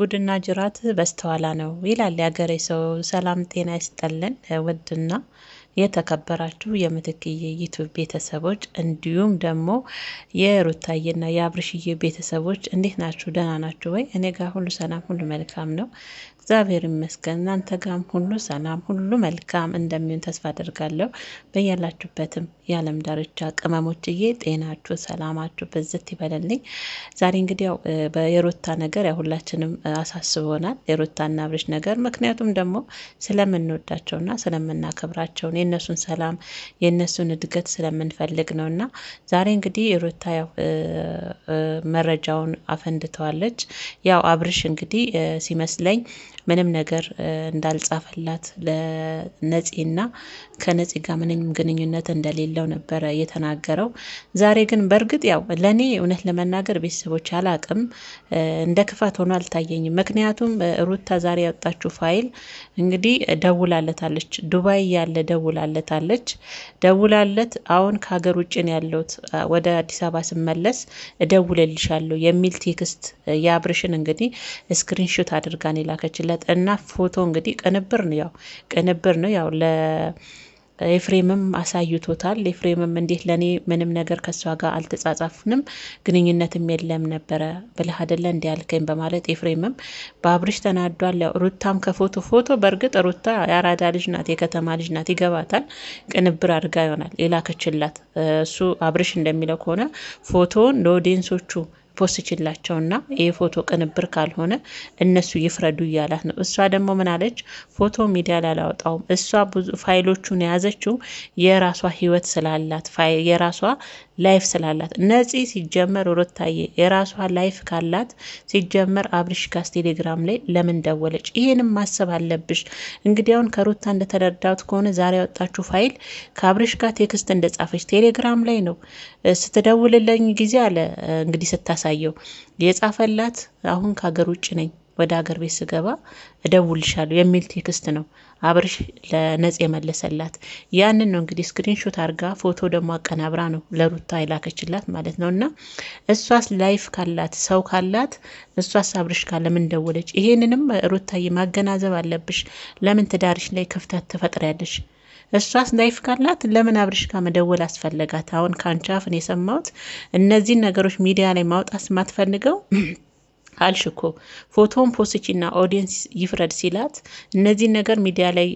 ጉድና ጅራት በስተኋላ ነው ይላል የሀገሬ ሰው። ሰላም ጤና ይስጠልን። ውድና የተከበራችሁ የምትክዬ ዩቱብ ቤተሰቦች እንዲሁም ደግሞ የሩታዬና የአብርሽዬ ቤተሰቦች እንዴት ናችሁ? ደህና ናችሁ ወይ? እኔ ጋር ሁሉ ሰላም፣ ሁሉ መልካም ነው። እግዚአብሔር ይመስገን። እናንተ ጋም ሁሉ ሰላም፣ ሁሉ መልካም እንደሚሆን ተስፋ አደርጋለሁ። በያላችሁበትም የዓለም ዳርቻ ቅመሞችዬ ጤናችሁ፣ ሰላማችሁ ብዝት ይበለልኝ። ዛሬ እንግዲህ ያው የሩታ ነገር ያው ሁላችንም አሳስቦናል፣ የሩታና አብርሽ ነገር። ምክንያቱም ደግሞ ስለምንወዳቸውና ስለምናከብራቸውን የእነሱን ሰላም የእነሱን እድገት ስለምንፈልግ ነው እና ዛሬ እንግዲህ የሩታ ያው መረጃውን አፈንድተዋለች። ያው አብርሽ እንግዲህ ሲመስለኝ ምንም ነገር እንዳልጻፈላት ለነፂና ከነፂ ጋር ምንም ግንኙነት እንደሌለው ነበረ የተናገረው። ዛሬ ግን በእርግጥ ያው ለእኔ እውነት ለመናገር ቤተሰቦች አላቅም እንደ ክፋት ሆኖ አልታየኝም። ምክንያቱም ሩታ ዛሬ ያወጣችው ፋይል እንግዲህ ደውላለታለች፣ ዱባይ ያለ ደውላለታለች። ደውላለት አሁን ከሀገር ውጭ ነው ያለሁት ወደ አዲስ አበባ ስመለስ እደውልልሻለሁ የሚል ቴክስት የአብርሽን እንግዲህ ስክሪንሾት አድርጋን የላከችለ የተገለጠ እና ፎቶ እንግዲህ ቅንብር ነው ያው ቅንብር ነው ያው ለ ኤፍሬምም አሳይቶታል። ኤፍሬምም እንዴት ለእኔ ምንም ነገር ከእሷ ጋር አልተጻጻፍንም ግንኙነትም የለም ነበረ ብለህ አደለ እንዲያልከኝ በማለት ኤፍሬምም በአብርሽ ተናዷል። ያው ሩታም ከፎቶ ፎቶ በእርግጥ ሩታ የአራዳ ልጅ ናት፣ የከተማ ልጅ ናት፣ ይገባታል። ቅንብር አድርጋ ይሆናል የላከችላት። እሱ አብርሽ እንደሚለው ከሆነ ፎቶውን ለኦዲየንሶቹ ፖስችላቸውና ፎቶ ቅንብር ካልሆነ እነሱ ይፍረዱ እያላት ነው። እሷ ደግሞ ምናለች ፎቶ ሚዲያ ላይ አላወጣውም። እሷ ብዙ ፋይሎቹን የያዘችው የራሷ ህይወት ስላላት የራሷ ላይፍ ስላላት እነዚህ ሲጀመር ሩታዬ የራሷ ላይፍ ካላት ሲጀመር አብርሽ ጋስ ቴሌግራም ላይ ለምን ደወለች? ይህንም ማሰብ አለብሽ። አሁን ከሩታ እንደተረዳሁት ከሆነ ዛሬ ያወጣችሁ ፋይል ከአብርሽ ጋር ቴክስት እንደጻፈች ቴሌግራም ላይ ነው ስትደውልለኝ ጊዜ አለ እንግዲህ ስታሳየው የጻፈላት አሁን ከሀገር ውጭ ነኝ ወደ ሀገር ቤት ስገባ እደውልልሻለሁ የሚል ቴክስት ነው አብርሽ ለነጽ የመለሰላት። ያንን ነው እንግዲህ ስክሪንሾት አድርጋ ፎቶ ደግሞ አቀናብራ ነው ለሩታ የላከችላት ማለት ነው። እና እሷስ ላይፍ ካላት ሰው ካላት እሷስ አብርሽ ጋር ለምን ደወለች? ይሄንንም ሩታዬ ማገናዘብ አለብሽ። ለምን ትዳርሽ ላይ ክፍተት ትፈጥሪያለሽ? እሷስ ላይፍ ካላት ለምን አብርሽ ጋር መደወል አስፈለጋት? አሁን ካንቻፍን አፍ የሰማሁት። እነዚህን ነገሮች ሚዲያ ላይ ማውጣት ማትፈልገው አልሽ እኮ ፎቶውን ፖስቺና ኦዲየንስ ይፍረድ ሲላት እነዚህን ነገር ሚዲያ ላይ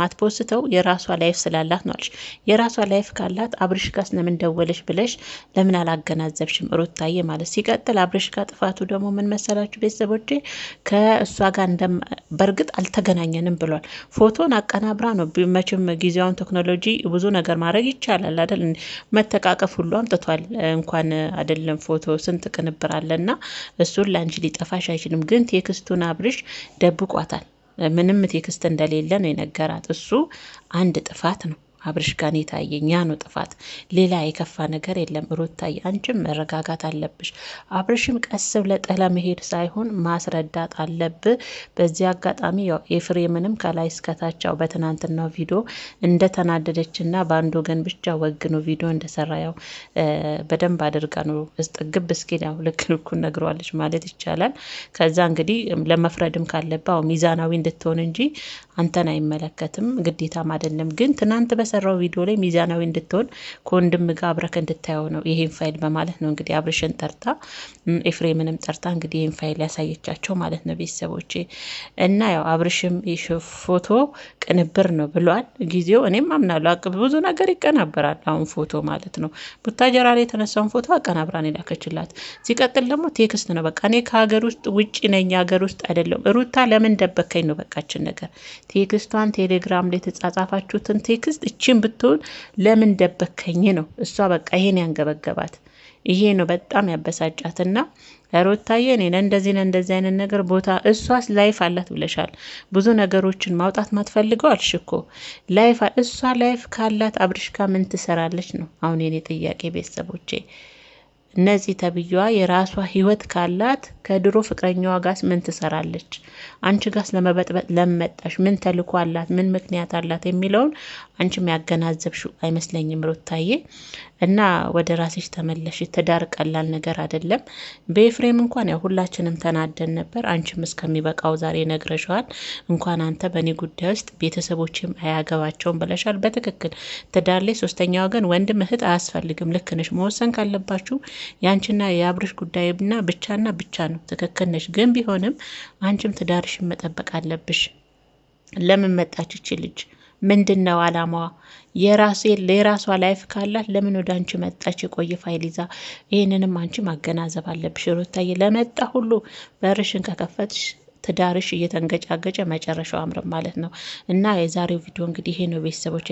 ማትፖስተው የራሷ ላይፍ ስላላት ነው አልሽ። የራሷ ላይፍ ካላት አብርሽ ጋር ስለምን ደወለሽ ብለሽ ለምን አላገናዘብሽም ሩታዬ ማለት ሲቀጥል፣ አብርሽ ጋር ጥፋቱ ደግሞ ምን መሰላችሁ ቤተሰቦቼ፣ ከእሷ ጋር በእርግጥ አልተገናኘንም ብሏል። ፎቶን አቀናብራ ነው መቼም ጊዜውን ቴክኖሎጂ ብዙ ነገር ማድረግ ይቻላል አይደል? መተቃቀፍ ሁሉ አምጥቷል። እንኳን አይደለም ፎቶ ስንት ቅንብር አለና እሱን ላንቺ አንቺ ሊጠፋሽ አይችልም። ግን ቴክስቱን አብርሽ ደብቋታል። ምንም ቴክስት እንደሌለ ነው የነገራት። እሱ አንድ ጥፋት ነው። አብርሽ የታየኝ ያ ነው ጥፋት፣ ሌላ የከፋ ነገር የለም። ሩታዬ አንቺም መረጋጋት አለብሽ። አብርሽም ቀስ ብለህ ጥለህ መሄድ ሳይሆን ማስረዳት አለብህ። በዚህ አጋጣሚ ያው ኤፍሬምንም ከላይ እስከታቸው በትናንትናው ቪዲዮ እንደተናደደችና በአንድ ወገን ብቻ ወግኖ ቪዲዮ እንደሰራ ያው በደንብ አድርጋ ነው እስጥግብ እስኪን ያው ልክ ልኩን ነግሯለች ማለት ይቻላል። ከዛ እንግዲህ ለመፍረድም ካለብህ ሚዛናዊ እንድትሆን እንጂ አንተን አይመለከትም ግዴታም አይደለም። ግን ትናንት በሰራው ቪዲዮ ላይ ሚዛናዊ እንድትሆን ከወንድም ጋር አብረክ እንድታየው ነው ይሄን ፋይል በማለት ነው እንግዲህ አብርሽን ጠርታ ኤፍሬምንም ጠርታ እንግዲህ ይህን ፋይል ያሳየቻቸው ማለት ነው ቤተሰቦቼ። እና ያው አብርሽም ፎቶ ቅንብር ነው ብሏል ጊዜው። እኔም አምናለሁ ብዙ ነገር ይቀናበራል። አሁን ፎቶ ማለት ነው ቡታጀራ ላይ የተነሳውን ፎቶ አቀናብራን የላከችላት። ሲቀጥል ደግሞ ቴክስት ነው በቃ እኔ ከሀገር ውስጥ ውጭ ነኝ ሀገር ውስጥ አይደለም ሩታ ለምን ደበከኝ ነው በቃችን ነገር ቴክስቷን ቴሌግራም ላይ የተጻጻፋችሁትን ቴክስት እችን ብትሆን ለምን ደበከኝ ነው። እሷ በቃ ይሄን ያንገበገባት ይሄ ነው በጣም ያበሳጫትና ሩታዬ እኔ ለእንደዚህ ለእንደዚህ አይነት ነገር ቦታ እሷስ ላይፍ አላት ብለሻል። ብዙ ነገሮችን ማውጣት ማትፈልገው አልሽ እኮ ላይፍ እሷ ላይፍ ካላት አብርሽ ምን ትሰራለች ነው አሁን የኔ ጥያቄ ቤተሰቦቼ። እነዚህ ተብዬዋ የራሷ ህይወት ካላት ከድሮ ፍቅረኛዋ ጋስ ምን ትሰራለች? አንቺ ጋስ ለመበጥበጥ ለመጣሽ ምን ተልኮ አላት? ምን ምክንያት አላት? የሚለውን አንቺ ያገናዘብሽ አይመስለኝም ሩታዬ። እና ወደ ራስሽ ተመለሽ። ትዳር ቀላል ነገር አይደለም። በኤፍሬም እንኳን ያው ሁላችንም ተናደን ነበር። አንቺም እስከሚበቃው ዛሬ ነግረሸዋል። እንኳን አንተ በእኔ ጉዳይ ውስጥ ቤተሰቦችም አያገባቸውም ብለሻል። በትክክል ትዳር ላይ ሶስተኛ ወገን ወንድም እህት አያስፈልግም። ልክ ነሽ። መወሰን ካለባችሁ የአንቺና የአብርሽ ጉዳይና ብቻና ብቻ ነው። ትክክል ነሽ። ግን ቢሆንም አንቺም ትዳርሽን መጠበቅ አለብሽ። ለምን መጣች ይቺ ልጅ? ምንድን ነው አላማዋ? የራሴ የራሷ ላይፍ ካላት ለምን ወደ አንቺ መጣች? የቆየ ፋይል ይዛ ይህንንም አንቺ ማገናዘብ አለብሽ ሩታዬ። ለመጣ ሁሉ በርሽን ከከፈትሽ ትዳርሽ እየተንገጫገጨ መጨረሻው አምርም ማለት ነው። እና የዛሬው ቪዲዮ እንግዲህ ይሄ ነው ቤተሰቦች